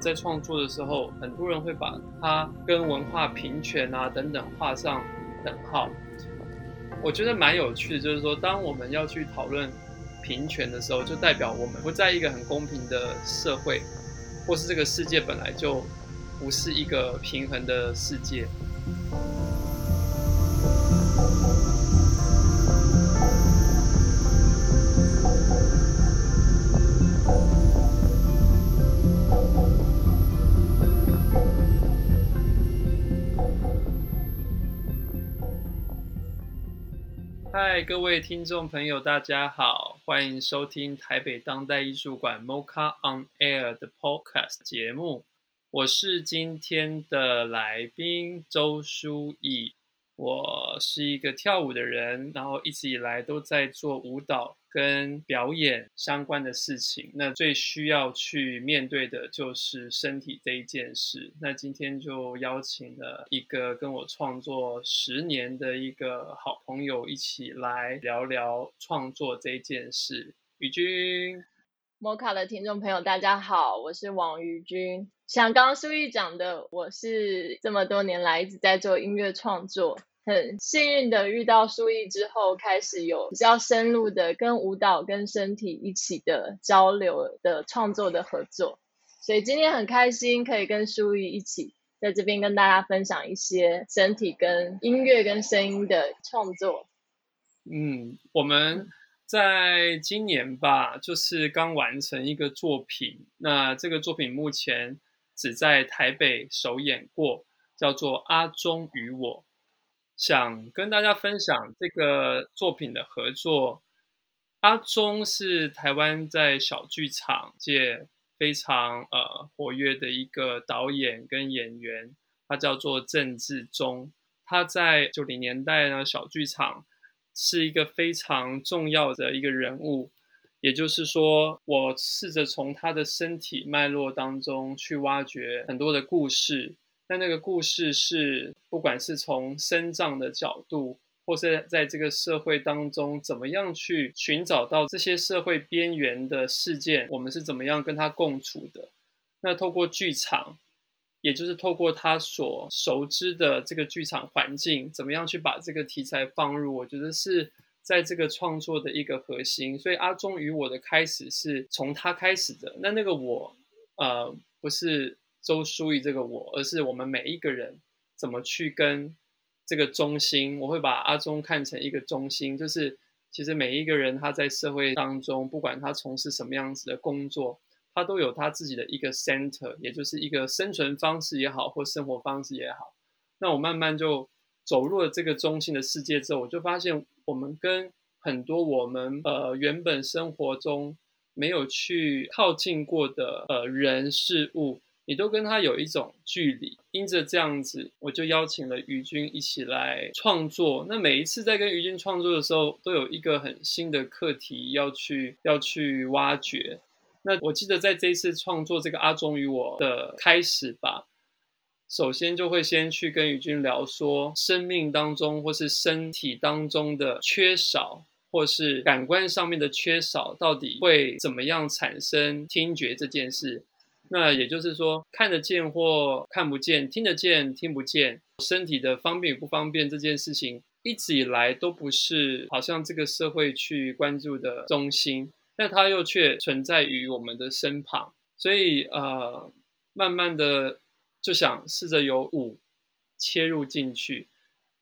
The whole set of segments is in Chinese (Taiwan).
在創作的時候，很多人會把它跟文化平權啊等等畫上等號。我覺得蠻有趣的，就是說，當我們要去討論平權的時候，就代表我們不在一個很公平的社會，或是這個世界本來就不是一個平衡的世界。各位聽眾朋友，大家好，歡迎收聽台北當代藝術館 MoCA On Air 的 podcast 節目。我是今天的來賓周書毅，我是一個跳舞的人，然後一直以來都在做舞蹈。跟表演相關的事情，那最需要去面對的就是身體這一件事。那今天就邀請了一個跟我創作十年的一個好朋友一起來聊聊創作這件事。榆鈞，摩卡的聽眾朋友，大家好，我是王榆鈞。像剛剛書毅講的，我是這麼多年來一直在做音樂創作。很幸運的遇到書毅之後，開始有比較深入的跟舞蹈、跟身體一起的交流的創作的合作，所以今天很開心可以跟書毅一起在這邊跟大家分享一些身體跟音樂跟聲音的創作。嗯，我們在今年吧，就是剛完成一個作品，那這個作品目前只在台北首演過，叫做《阿忠與我》。想跟大家分享這個作品的合作。阿忠是台灣在小劇場界非常呃活躍的一個導演跟演員，他叫做鄭志忠。他在九零年代呢，小劇場是一個非常重要的一個人物。也就是說，我試着從他的身體脈絡當中去挖掘很多的故事。那那個故事是，不管是從生長的角度，或是在這個社會當中，怎麼樣去尋找到這些社會邊緣的事件，我們是怎麼樣跟他共處的？那透過劇場，也就是透過他所熟知的這個劇場環境，怎麼樣去把這個題材放入？我覺得是在這個創作的一個核心。所以阿忠與我的開始是從他開始的。那那個我，呃，不是。周書毅這個我，而是我們每一個人怎麼去跟這個中心？我會把阿忠看成一個中心，就是其實每一個人他在社會當中，不管他從事什麼樣子的工作，他都有他自己的一個 center，也就是一個生存方式也好，或生活方式也好。那我慢慢就走入了這個中心的世界之後，我就發現我們跟很多我們呃原本生活中沒有去靠近過的呃人事物，你都跟他有一種距離，因着這樣子，我就邀請了榆鈞一起來創作。那每一次在跟榆鈞創作的時候，都有一個很新的課題要去要去挖掘。那我記得在這一次創作這個《阿忠與我》的開始吧，首先就會先去跟榆鈞聊說，生命當中或是身體當中的缺少，或是感官上面的缺少，到底會怎麼樣產生聽覺這件事？那也就是說，看得見或看不見，聽得見聽不見，身體的方便與不方便這件事情，一直以來都不是好像這個社會去關注的中心，但它又卻存在於我們的身旁，所以呃，慢慢的就想試着由舞切入進去，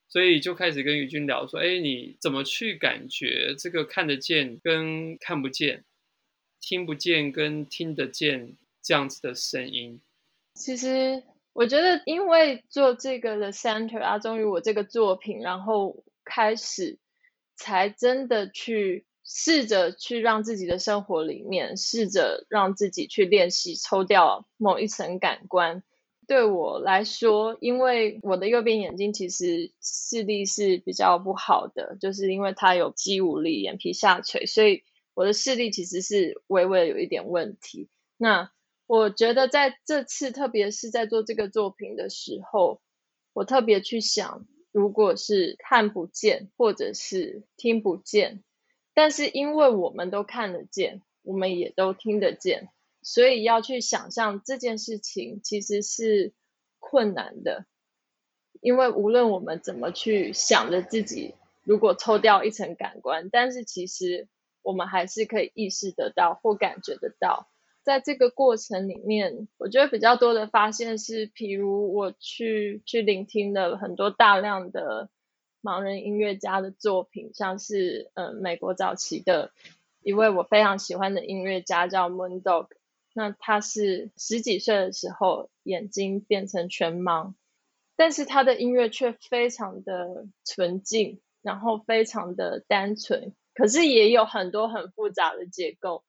所以就開始跟榆鈞聊說，哎、欸，你怎麼去感覺這個看得見跟看不見，聽不見跟聽得見？這樣子的聲音，其實我覺得，因為做這個 The Center，阿忠與我這個作品，然後開始才真的去試着去讓自己的生活裡面，試着讓自己去練習抽掉某一層感官。對我來說，因為我的右邊眼睛其實視力是比較不好的，就是因為它有肌無力、眼皮下垂，所以我的視力其實是微微有一點問題。那我覺得在這次，特別是在做這個作品的時候，我特別去想，如果是看不見或者是聽不見，但是因為我們都看得見，我們也都聽得見，所以要去想象這件事情其實是困難的，因為無論我們怎麼去想着自己，如果抽掉一層感官，但是其實我們還是可以意識得到或感覺得到。在這個過程裡面，我覺得比較多的發現是，譬如我去去聆聽了很多大量的盲人音樂家的作品，像是嗯、呃，美國早期的一位我非常喜歡的音樂家叫 Moondog，那他是十幾歲的時候眼睛變成全盲，但是他的音樂卻非常的純淨，然後非常的單純，可是也有很多很複雜的結構。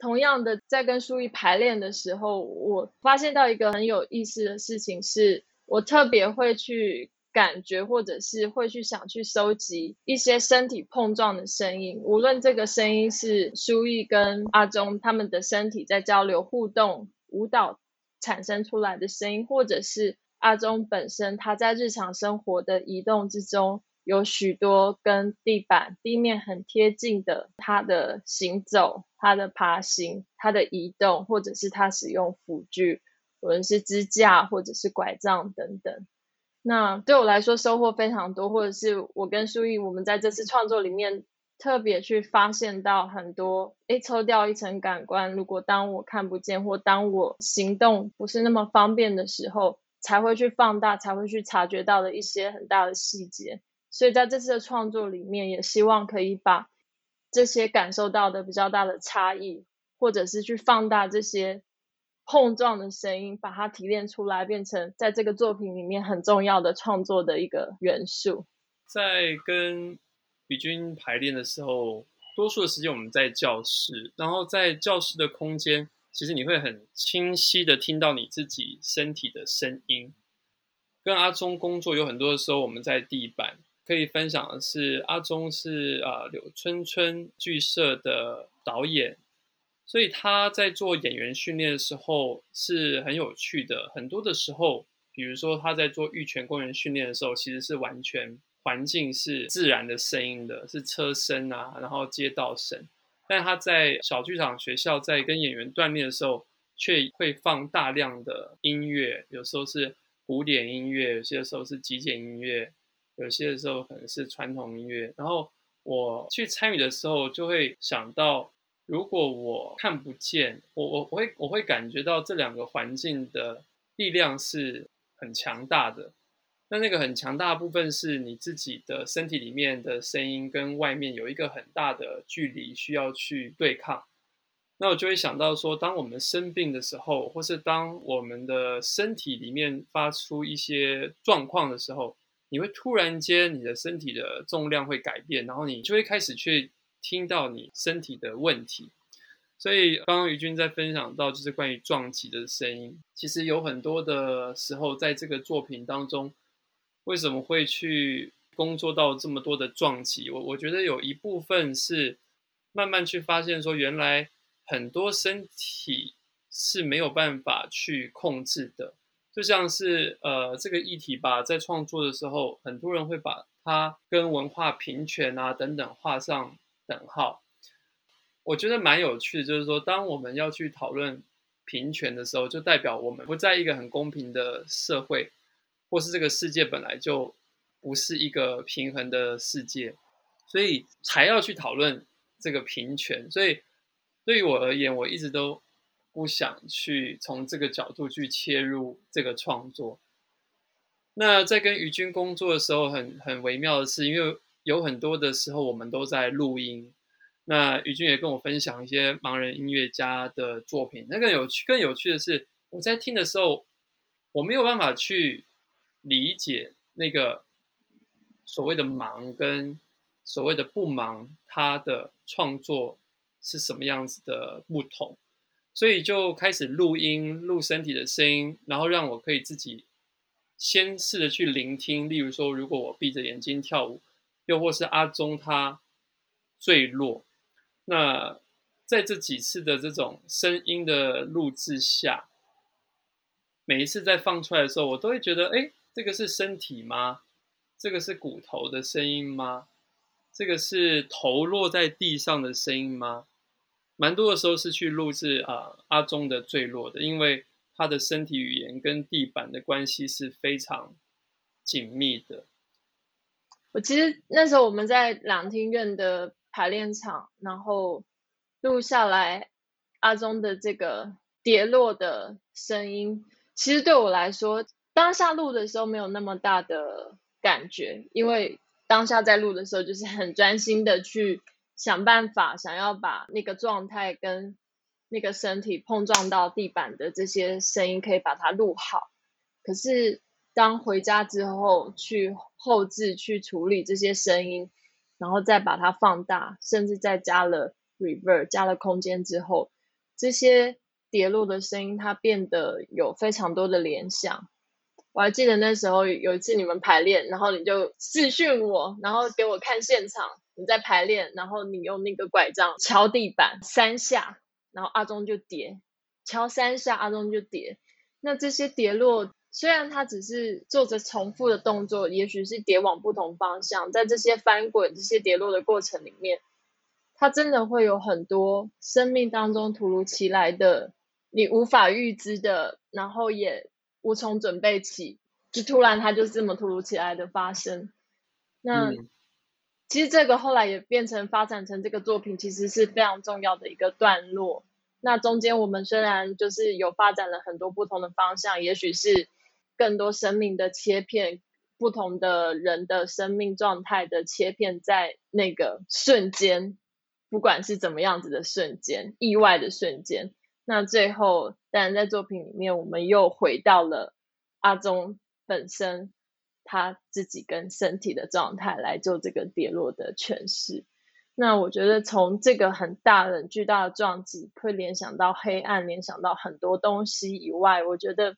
同樣的，在跟書毅排練的時候，我發現到一個很有意思的事情是，是我特別會去感覺，或者是會去想去收集一些身體碰撞的聲音，無論這個聲音是書毅跟阿忠他們的身體在交流互動、舞蹈產生出來的聲音，或者是阿忠本身他在日常生活的移動之中。有許多跟地板地面很貼近的，它的行走、它的爬行、它的移動，或者是它使用輔具，無論是支架或者是拐杖等等。那對我來說收穫非常多，或者是我跟書毅，我們在這次創作裡面特別去發現到很多，誒，抽掉一層感官，如果當我看不見或當我行動不是那麼方便的時候，才會去放大，才會去察覺到的一些很大的細節。所以在這次的創作裡面，也希望可以把這些感受到的比較大的差異，或者是去放大這些碰撞的聲音，把它提煉出來，變成在這個作品裡面很重要的創作的一個元素。在跟榆鈞排練的時候，多數的時間我們在教室，然後在教室的空間，其實你會很清晰的聽到你自己身體的聲音。跟阿忠工作有很多的時候，我們在地板。可以分享的是，阿忠是啊、呃、柳春春劇社的導演，所以他在做演員訓練的時候是很有趣的。很多的時候，比如說他在做玉泉公園訓練的時候，其實是完全環境是自然的聲音的，是車聲啊，然後街道聲。但他在小劇場學校在跟演員鍛鍊的時候，卻會放大量的音樂，有時候是古典音樂，有些時候是極簡音樂。有些的時候可能是傳統音樂，然後我去參與的時候就會想到，如果我看不見，我我我會我會感覺到這兩個環境的力量是很強大的，那那個很強大的部分是你自己的身體裡面的聲音跟外面有一個很大的距離需要去對抗，那我就會想到說，當我們生病的時候，或是當我們的身體裡面發出一些狀況的時候。你會突然間，你的身體的重量會改變，然後你就會開始去聽到你身體的問題。所以剛剛榆鈞在分享到，就是關於撞擊的聲音。其實有很多的時候，在這個作品當中，為什麼會去工作到這麼多的撞擊？我我覺得有一部分是慢慢去發現，說原來很多身體是沒有辦法去控制的。就像是呃這個議題吧，在創作的時候，很多人會把它跟文化平權啊等等畫上等號。我覺得蠻有趣的，就是說，當我們要去討論平權的時候，就代表我們不在一個很公平的社會，或是這個世界本來就不是一個平衡的世界，所以才要去討論這個平權。所以對於我而言，我一直都不想去從這個角度去切入這個創作。那在跟榆鈞工作的時候很，很很微妙的是，因為有很多的時候我們都在錄音。那榆鈞也跟我分享一些盲人音樂家的作品。那更有趣、更有趣的是，我在聽的時候，我沒有辦法去理解那個所謂的盲跟所謂的不盲，他的創作是什麼樣子的不同。所以就開始錄音錄身體的聲音，然後讓我可以自己先試着去聆聽。例如說，如果我閉着眼睛跳舞，又或是阿忠他墜落，那在這幾次的這種聲音的錄製下，每一次在放出來的時候，我都會覺得：哎、欸，這個是身體嗎？這個是骨頭的聲音嗎？這個是頭落在地上的聲音嗎？蠻多的時候是去錄制啊，阿忠的墜落的，因為他的身體語言跟地板的關係是非常緊密的。我其實那時候我們在兩廳院的排練場，然後錄下來阿忠的這個跌落的聲音，其實對我來說當下錄的時候沒有那麼大的感覺，因為當下在錄的時候就是很專心的去。想辦法想要把那個狀態跟那個身體碰撞到地板的這些聲音，可以把它錄好。可是當回家之後去後置去處理這些聲音，然後再把它放大，甚至再加了 reverb 加了空間之後，這些跌落的聲音它變得有非常多的聯想。我還記得那時候有一次你們排練，然後你就視訊我，然後給我看現場。你在排練，然後你用那個拐杖，敲地板三下，然後阿忠就跌，敲三下阿忠就跌。那這些跌落，雖然他只是做着重複的動作，也許是跌往不同方向，在這些翻滾、這些跌落的過程裡面，他真的會有很多生命當中突如其來的、你無法預知的，然後也無從準備起，就突然他就這麼突如其來的發生，那，嗯。其實這個後來也變成發展成這個作品，其實是非常重要的一個段落。那中間我們雖然就是有發展了很多不同的方向，也許是更多生命的切片，不同的人的生命狀態的切片，在那個瞬間，不管是怎麼樣子的瞬間，意外的瞬間。那最後，當然在作品裡面，我們又回到了阿忠本身。他自己跟身體的狀態來做這個跌落的詮釋。那我覺得從這個很大的很巨大的撞擊，會聯想到黑暗，聯想到很多東西以外，我覺得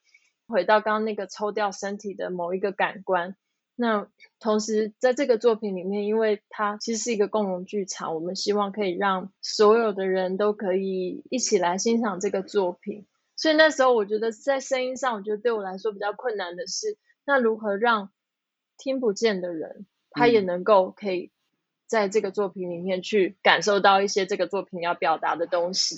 回到剛剛那個抽掉身體的某一個感官。那同時在這個作品裡面，因為它其實是一個共融劇場，我們希望可以讓所有的人都可以一起來欣賞這個作品。所以那時候我覺得在聲音上，我覺得對我來說比較困難的是，那如何讓聽不見的人，他也能夠可以在這個作品裡面去感受到一些這個作品要表達的東西，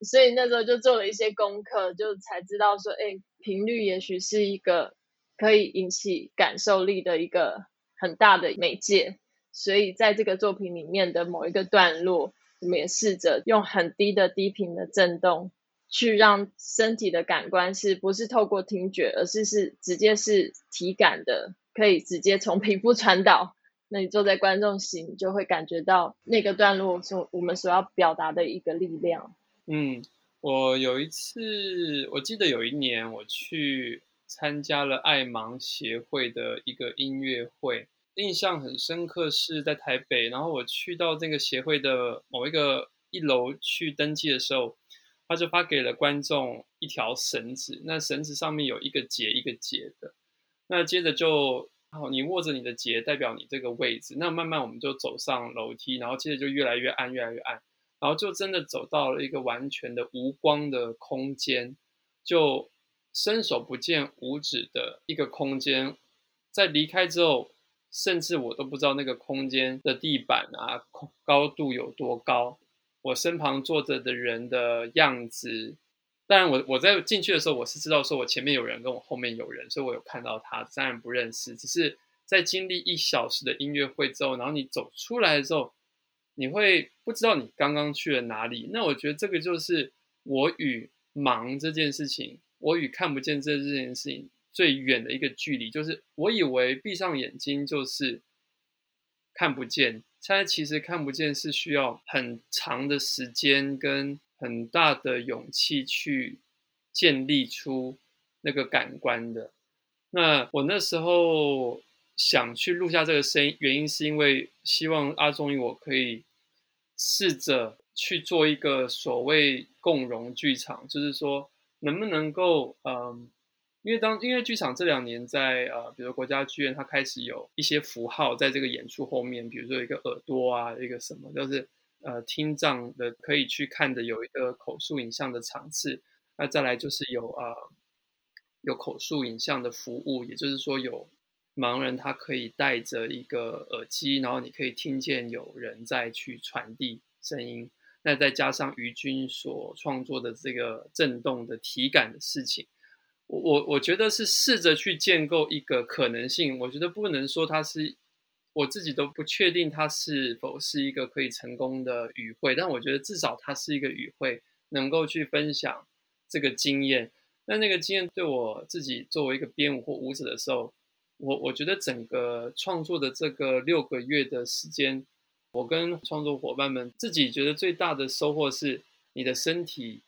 所以那時候就做了一些功課，就才知道說，哎，頻率也許是一個可以引起感受力的一個很大的媒介，所以在這個作品裡面的某一個段落，我們也試着用很低的低頻的震動，去讓身體的感官是不是透過聽覺，而是是直接是體感的。可以直接從皮膚傳導。那你坐在觀眾席，你就會感覺到那個段落是我們所要表達的一個力量。嗯，我有一次，我記得有一年我去參加了愛盲協會的一個音樂會，印象很深刻是在台北。然後我去到這個協會的某一個一樓去登記的時候，他就發給了觀眾一條繩子，那繩子上面有一個結一個結的。那接着，就，好，你握着你的結，代表你這個位置。那慢慢我們就走上樓梯，然後接着就越來越暗，越來越暗，然後就真的走到了一個完全的無光的空間，就伸手不見五指的一個空間。在離開之後，甚至我都不知道那個空間的地板啊，空高度有多高，我身旁坐着的人的樣子。當然，我我在進去的時候，我是知道說，我前面有人，跟我後面有人，所以我有看到他。當然不認識，只是在經歷一小時的音樂會之後，然後你走出來的時候，你會不知道你剛剛去了哪裡。那我覺得這個就是我與盲這件事情，我與看不見這這件事情最遠的一個距離，就是我以為閉上眼睛就是看不見，現在其實看不見是需要很長的時間跟。很大的勇氣去建立出那個感官的。那我那時候想去錄下這個聲音，原因是因為希望阿忠與我可以試着去做一個所謂共融劇場，就是說能不能夠，嗯，因為當因為劇場這兩年在呃，比如說國家劇院，它開始有一些符號在這個演出後面，比如說一個耳朵啊，一個什麼，就是。呃，聽障的可以去看的有一個口述影像的場次，那再來就是有呃，有口述影像的服務，也就是說有盲人他可以戴着一個耳機，然後你可以聽見有人在去傳遞聲音，那再加上榆鈞所創作的這個震動的體感的事情，我我我覺得是試着去建構一個可能性，我覺得不能說它是。我自己都不確定它是否是一個可以成功的語彙，但我覺得至少它是一個語彙，能夠去分享這個經驗。那那個經驗對我自己作為一個編舞或舞者的時候，我我覺得整個創作的這個六個月的時間，我跟創作夥伴們自己覺得最大的收穫是，你的身體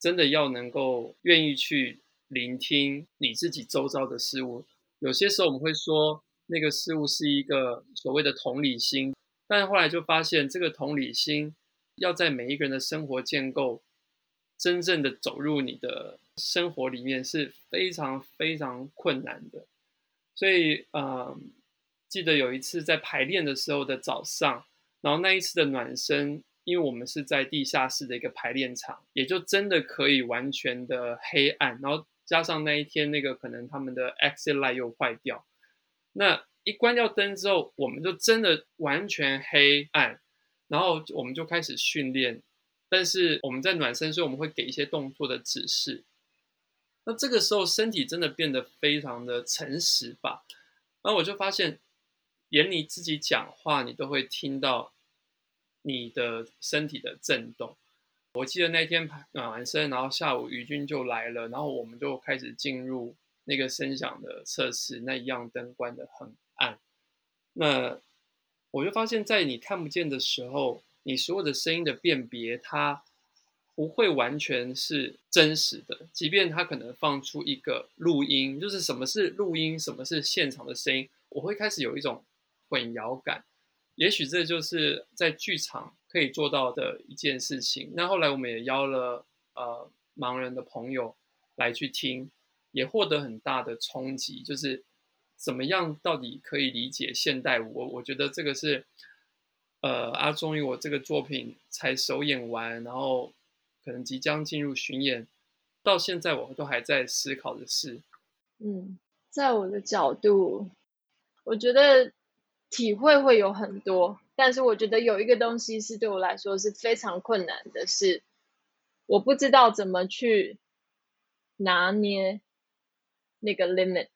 真的要能夠願意去聆聽你自己周遭的事物。有些時候我們會說。那個事物是一個所謂的同理心，但是後來就發現，這個同理心要在每一個人的生活建構，真正的走入你的生活裡面是非常非常困難的。所以，嗯、呃，記得有一次在排練的時候的早上，然後那一次的暖身，因為我們是在地下室的一個排練場，也就真的可以完全的黑暗，然後加上那一天那個可能他們的 exit light 又壞掉。那一關掉燈之後，我們就真的完全黑暗，然後我們就開始訓練，但是我們在暖身的時候，我們會給一些動作的指示。那這個時候身體真的變得非常的誠實吧？那我就發現，連你自己講話，你都會聽到你的身體的震動。我記得那天暖、嗯、完身，然後下午榆鈞就來了，然後我們就開始進入那個聲響的測試，那一樣燈關得很暗，那我就發現，在你看不見的時候，你所有的聲音的辨別，它不會完全是真實的，即便它可能放出一個錄音，就是什麼是錄音，什麼是現場的聲音，我會開始有一種混淆感。也許這就是在劇場可以做到的一件事情。那後來我們也邀了呃盲人的朋友來去聽。也獲得很大的衝擊，就是怎麼樣到底可以理解現代舞？我我覺得這個是，呃，阿忠與我這個作品才首演完，然後可能即將進入巡演，到現在我都還在思考的事。嗯，在我的角度，我覺得體會會有很多，但是我覺得有一個東西是對我來說是非常困難的，是我不知道怎麼去拿捏。那個 limit，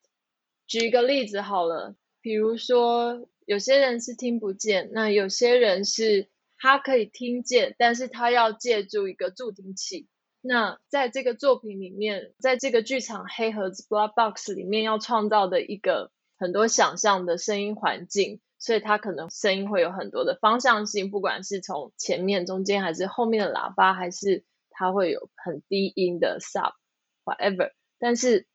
舉一個例子好了，比如說有些人是聽不見，那有些人是他可以聽見，但是他要借助一個助聽器。那在這個作品裡面，在這個劇場黑盒子 black box 裡面要創造的一個很多想象的聲音環境，所以它可能聲音會有很多的方向性，不管是從前面、中間還是後面的喇叭，還是它會有很低音的 sub，whatever，但是。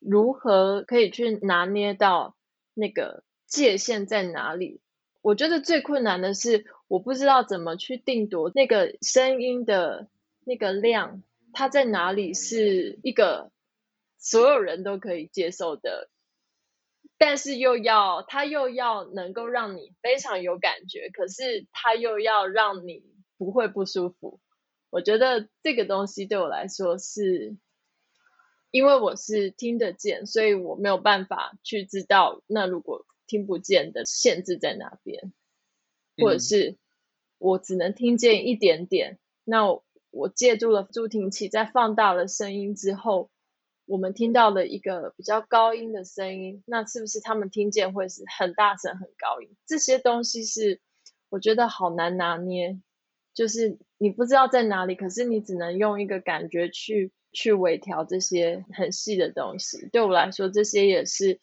如何可以去拿捏到那個界限在哪裡？我覺得最困難的是，我不知道怎麼去定奪那個聲音的那個量，它在哪裡是一個所有人都可以接受的，但是又要它又要能夠讓你非常有感覺，可是它又要讓你不會不舒服。我覺得這個東西對我來說是。因為我是聽得見，所以我沒有辦法去知道那如果聽不見的限制在哪邊，或者是我只能聽見一點點。嗯。那我，我借助了助聽器，在放大了聲音之後，我們聽到了一個比較高音的聲音。那是不是他們聽見會是很大聲、很高音？這些東西是我覺得好難拿捏，就是你不知道在哪裡，可是你只能用一個感覺去。去微調這些很細的東西，對我來說，這些也是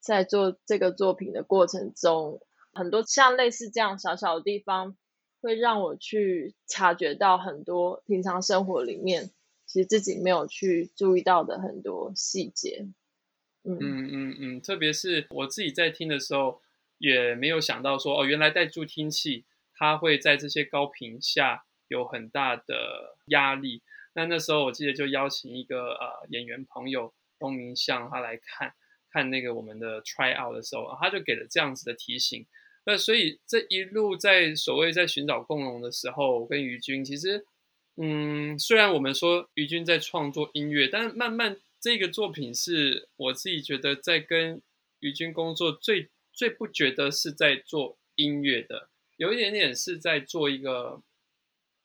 在做這個作品的過程中，很多像類似這樣小小的地方，會讓我去察覺到很多平常生活裡面其實自己沒有去注意到的很多細節。嗯嗯嗯、嗯，特別是我自己在聽的時候，也沒有想到說哦，原來戴助聽器，它會在這些高頻下有很大的壓力。那那時候我記得就邀請一個呃演員朋友東明相他來看看那個我們的 try out 的時候，他就給了這樣子的提醒。那所以這一路在所謂在尋找共融的時候，我跟榆鈞其實，嗯，雖然我們說榆鈞在創作音樂，但是慢慢這個作品是我自己覺得在跟榆鈞工作最最不覺得是在做音樂的，有一點點是在做一個。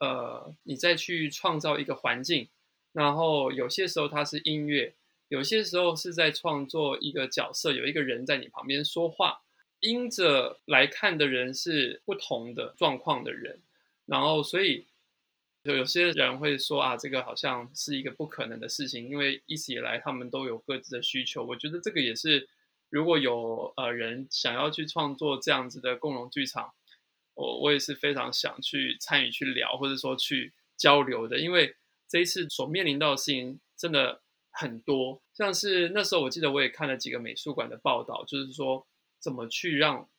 呃，你再去創造一個環境，然後有些時候它是音樂，有些時候是在創作一個角色，有一個人在你旁邊說話，因着來看的人是不同的狀況的人，然後所以有有些人會說啊，這個好像是一個不可能的事情，因為一直以來他們都有各自的需求。我覺得這個也是，如果有呃人想要去創作這樣子的共融劇場。我我也是非常想去參與去聊，或者說去交流的，因為這一次所面臨到的事情真的很多，像是那時候我記得我也看了幾個美術館的報道，就是說怎麼去讓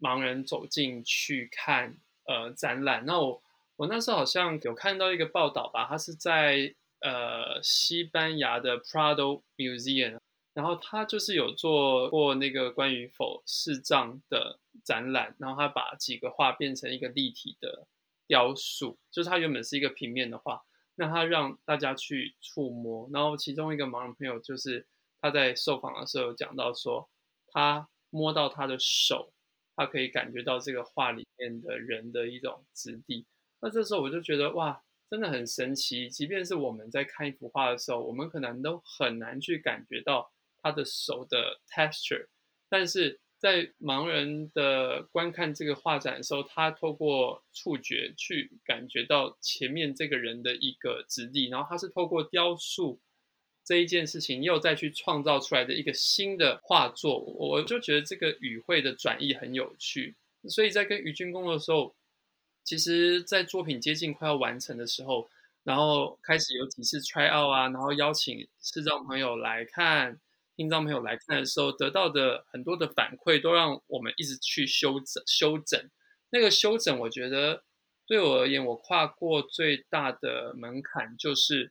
盲人走進去看呃展覽。那我我那時候好像有看到一個報道吧，他是在呃西班牙的 Prado Museum，然後他就是有做過那個關於否視障的。展覽，然後他把幾個畫變成一個立體的雕塑，就是它原本是一個平面的畫，那他讓大家去觸摸，然後其中一個盲人朋友就是他在受訪的時候有講到說，他摸到他的手，他可以感覺到這個畫裡面的人的一種質地，那這時候我就覺得哇，真的很神奇，即便是我們在看一幅畫的時候，我們可能都很難去感覺到他的手的 texture，但是。在盲人的觀看這個畫展的時候，他透過觸覺去感覺到前面這個人的一個質地，然後他是透過雕塑這一件事情又再去創造出來的一個新的畫作，我就覺得這個語彙的轉譯很有趣。所以在跟榆鈞工作的時候，其實在作品接近快要完成的時候，然後開始有幾次 try out 啊，然後邀請視障朋友來看。聽眾朋友來看的時候，得到的很多的反饋，都讓我們一直去修整、修整。那個修整，我覺得對我而言，我跨過最大的門檻就是，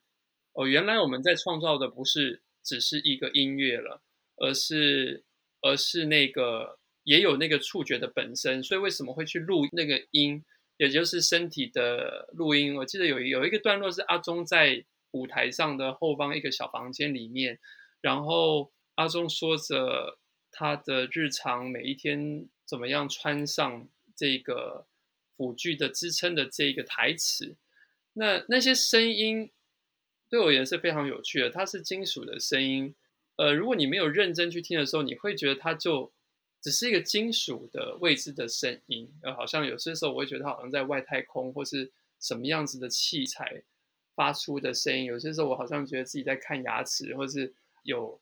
哦，原來我們在創造的不是只是一個音樂了，而是而是那個也有那個觸覺的本身。所以為什麼會去錄那個音，也就是身體的錄音？我記得有有一個段落是阿忠在舞台上的後方一個小房間裡面，然後。阿忠說着他的日常，每一天怎麼樣穿上這個輔具的支撐的這一個台詞，那那些聲音對我也是非常有趣的。它是金屬的聲音，呃，如果你沒有認真去聽的時候，你會覺得它就只是一個金屬的位置的聲音，呃，好像有些時候我會覺得它好像在外太空或是什麼樣子的器材發出的聲音。有些時候我好像覺得自己在看牙齒，或是有。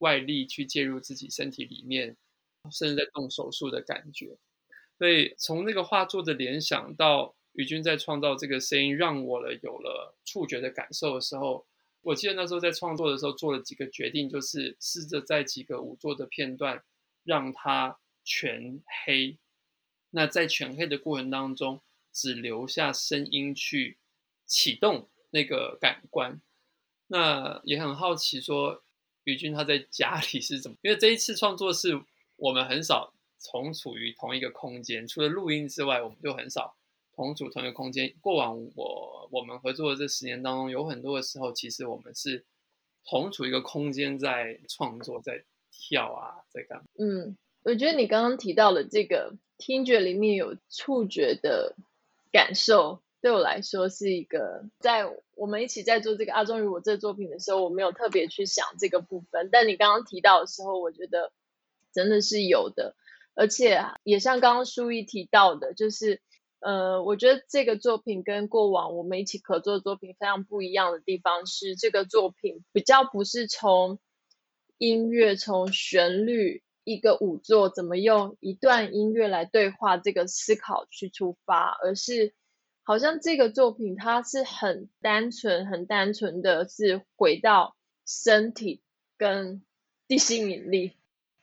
外力去介入自己身體裡面，甚至在動手術的感覺。所以從那個畫作的聯想到榆鈞在創造這個聲音，讓我了有了觸覺的感受的時候，我記得那時候在創作的時候做了幾個決定，就是試着在幾個舞作的片段讓它全黑。那在全黑的過程當中，只留下聲音去啟動那個感官。那也很好奇說。榆鈞他在家裡是怎麼？因為這一次創作是我們很少同處於同一個空間，除了錄音之外，我們就很少同處同一個空間。過往我我們合作的這十年當中，有很多的時候，其實我們是同處一個空間，在創作，在跳啊，在幹嘛。嗯，我覺得你剛剛提到了這個聽覺裡面有觸覺的感受。對我來說是一個，在我們一起在做這個《阿忠與我》這個作品的時候，我沒有特別去想這個部分。但你剛剛提到的時候，我覺得真的是有的，而且也像剛剛書毅提到的，就是，呃，我覺得這個作品跟過往我們一起合作的作品非常不一樣的地方是，這個作品比較不是從音樂、從旋律一個舞作怎麼用一段音樂來對話這個思考去出發，而是。好像這個作品它是很單純，很單純的是回到身體跟地心引力。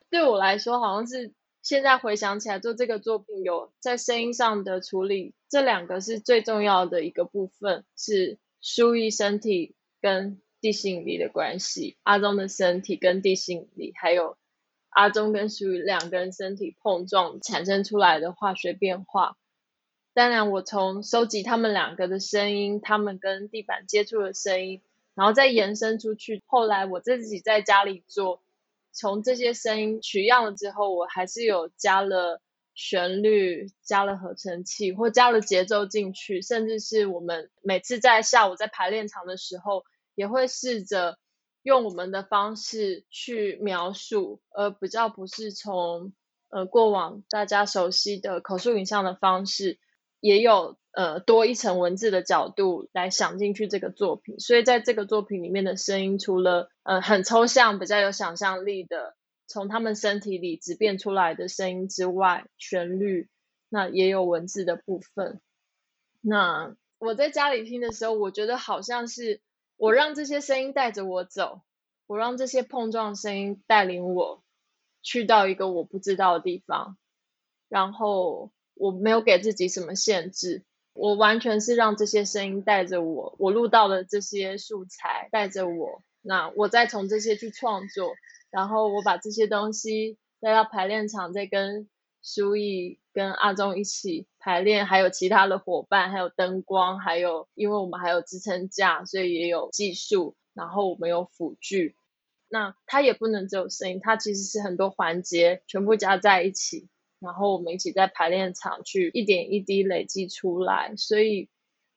對我來說，好像是現在回想起來做這個作品，有在聲音上的處理，這兩個是最重要的一個部分，是書毅身體跟地心引力的關係。阿忠的身體跟地心引力，還有阿忠跟書毅兩個人身體碰撞產生出來的化學變化。當然，我從收集他們兩個的聲音，他們跟地板接觸的聲音，然後再延伸出去。後來我自己在家裡做，從這些聲音取樣了之後，我還是有加了旋律，加了合成器，或加了節奏進去。甚至是我們每次在下午在排練場的時候，也會試着用我們的方式去描述，而比較不是從呃過往大家熟悉的口述影像的方式。也有呃多一層文字的角度來想進去這個作品，所以在這個作品裡面的聲音，除了呃很抽象、比較有想象力的，從他們身體裡直變出來的聲音之外，旋律那也有文字的部分。那我在家裡聽的時候，我覺得好像是我讓這些聲音帶着我走，我讓這些碰撞聲音帶領我去到一個我不知道的地方，然後。我沒有給自己什麼限制，我完全是讓這些聲音帶着我，我錄到的這些素材帶着我，那我再從這些去創作，然後我把這些東西帶到排練場，再跟書毅跟阿忠一起排練，還有其他的夥伴，還有燈光，還有因為我們還有支撐架，所以也有技術，然後我們有輔具，那它也不能只有聲音，它其實是很多環節全部加在一起。然後我們一起在排練場去一點一滴累積出來，所以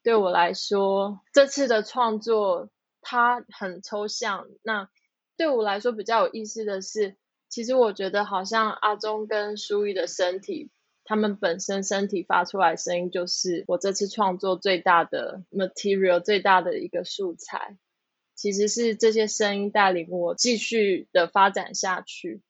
對我來說，這次的創作它很抽象。那對我來說比較有意思的是，其實我覺得好像阿忠跟書毅的身體，他們本身身體發出來聲音，就是我這次創作最大的 material 最大的一個素材，其實是這些聲音帶領我繼續的發展下去。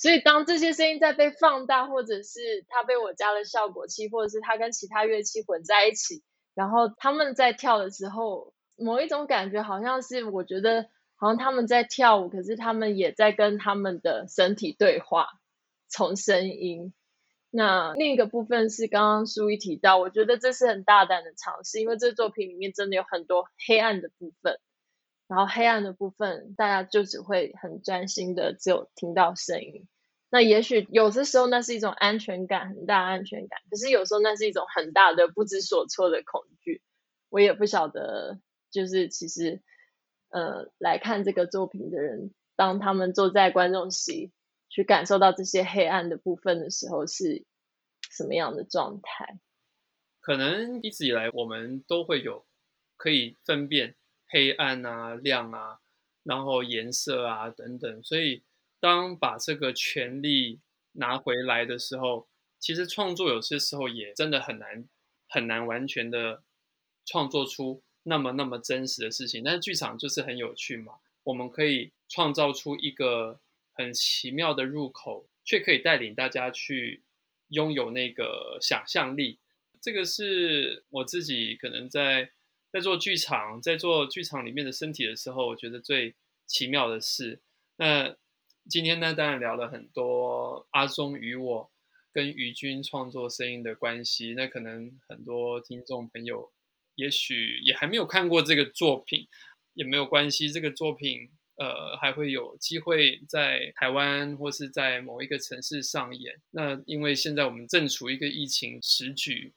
所以，當這些聲音在被放大，或者是它被我加了效果器，或者是它跟其他樂器混在一起，然後他們在跳的時候，某一種感覺好像是，我覺得好像他們在跳舞，可是他們也在跟他們的身體對話，從聲音。那另一個部分是剛剛書毅提到，我覺得這是很大膽的嘗試，因為這作品裡面真的有很多黑暗的部分。然後黑暗的部分，大家就只會很專心的，只有聽到聲音。那也許有的時候，那是一種安全感，很大安全感。可是有時候，那是一種很大的不知所措的恐懼。我也不曉得，就是其實，呃，來看這個作品的人，當他們坐在觀眾席去感受到這些黑暗的部分的時候，是什麼樣的狀態？可能一直以來，我們都會有可以分辨。黑暗啊，亮啊，然後顏色啊，等等。所以，當把這個權利拿回來的時候，其實創作有些時候也真的很難，很難完全的創作出那麼那麼真實的事情。但是，劇場就是很有趣嘛，我們可以創造出一個很奇妙的入口，卻可以帶領大家去擁有那個想象力。這個是我自己可能在。在做劇場，在做劇場裡面的身體的時候，我覺得最奇妙的是。那今天呢，當然聊了很多阿忠與我跟榆鈞創作聲音的關係。那可能很多聽眾朋友，也許也還沒有看過這個作品，也沒有關係，這個作品呃還會有機會在台灣或是在某一個城市上演。那因為現在我們正處一個疫情時局。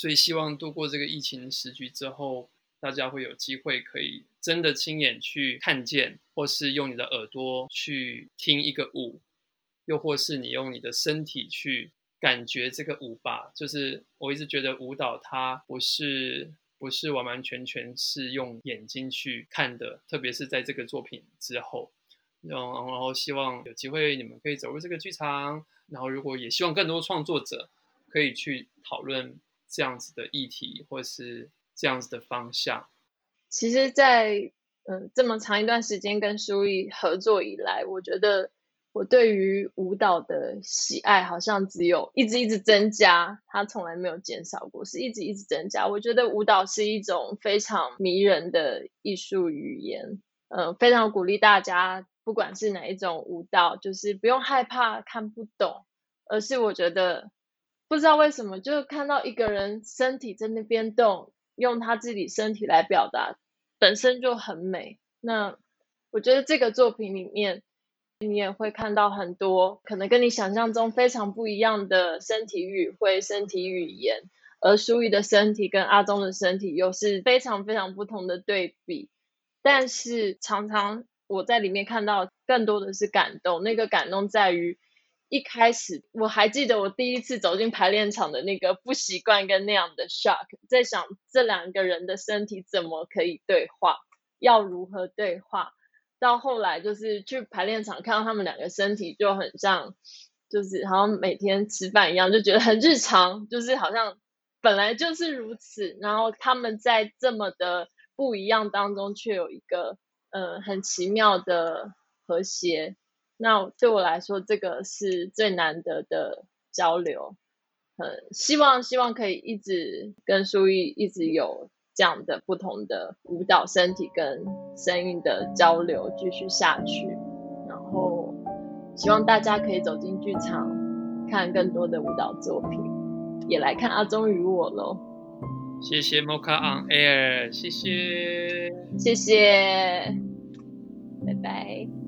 所以希望度過這個疫情時局之後，大家會有機會可以真的親眼去看見，或是用你的耳朵去聽一個舞，又或是你用你的身體去感覺這個舞吧。就是我一直覺得舞蹈它不是，不是完完全全是用眼睛去看的，特別是在這個作品之後。然後然後希望有機會你們可以走入這個劇場，然後如果也希望更多創作者可以去討論。這樣子的議題，或是這樣子的方向，其實在，在嗯這麼長一段時間跟書毅合作以來，我覺得我對於舞蹈的喜愛好像只有一直一直增加，它從來沒有減少過，是一直一直增加。我覺得舞蹈是一種非常迷人的藝術語言，嗯，非常鼓勵大家，不管是哪一種舞蹈，就是不用害怕看不懂，而是我覺得。不知道為什麼，就是看到一個人身體在那邊動，用他自己身體來表達，本身就很美。那我覺得這個作品裡面，你也會看到很多可能跟你想象中非常不一樣的身體語彙、會身體語言。而書毅的身體跟阿忠的身體又是非常非常不同的對比。但是常常我在裡面看到更多的是感動，那個感動在於。一開始我還記得我第一次走進排練場的那個不習慣跟那樣的 shock，在想這兩個人的身體怎麼可以對話，要如何對話？到後來就是去排練場看到他們兩個身體就很像，就是好像每天吃飯一樣，就覺得很日常，就是好像本來就是如此。然後他們在這麼的不一樣當中，卻有一個嗯、呃、很奇妙的和諧。那對我來說，這個是最難得的交流。很希望希望可以一直跟書毅一直有這樣的不同的舞蹈、身體跟聲音的交流繼續下去。然後，希望大家可以走進劇場，看更多的舞蹈作品，也來看阿忠與我嘍。謝謝 MoCA on Air，謝謝，謝謝，拜拜。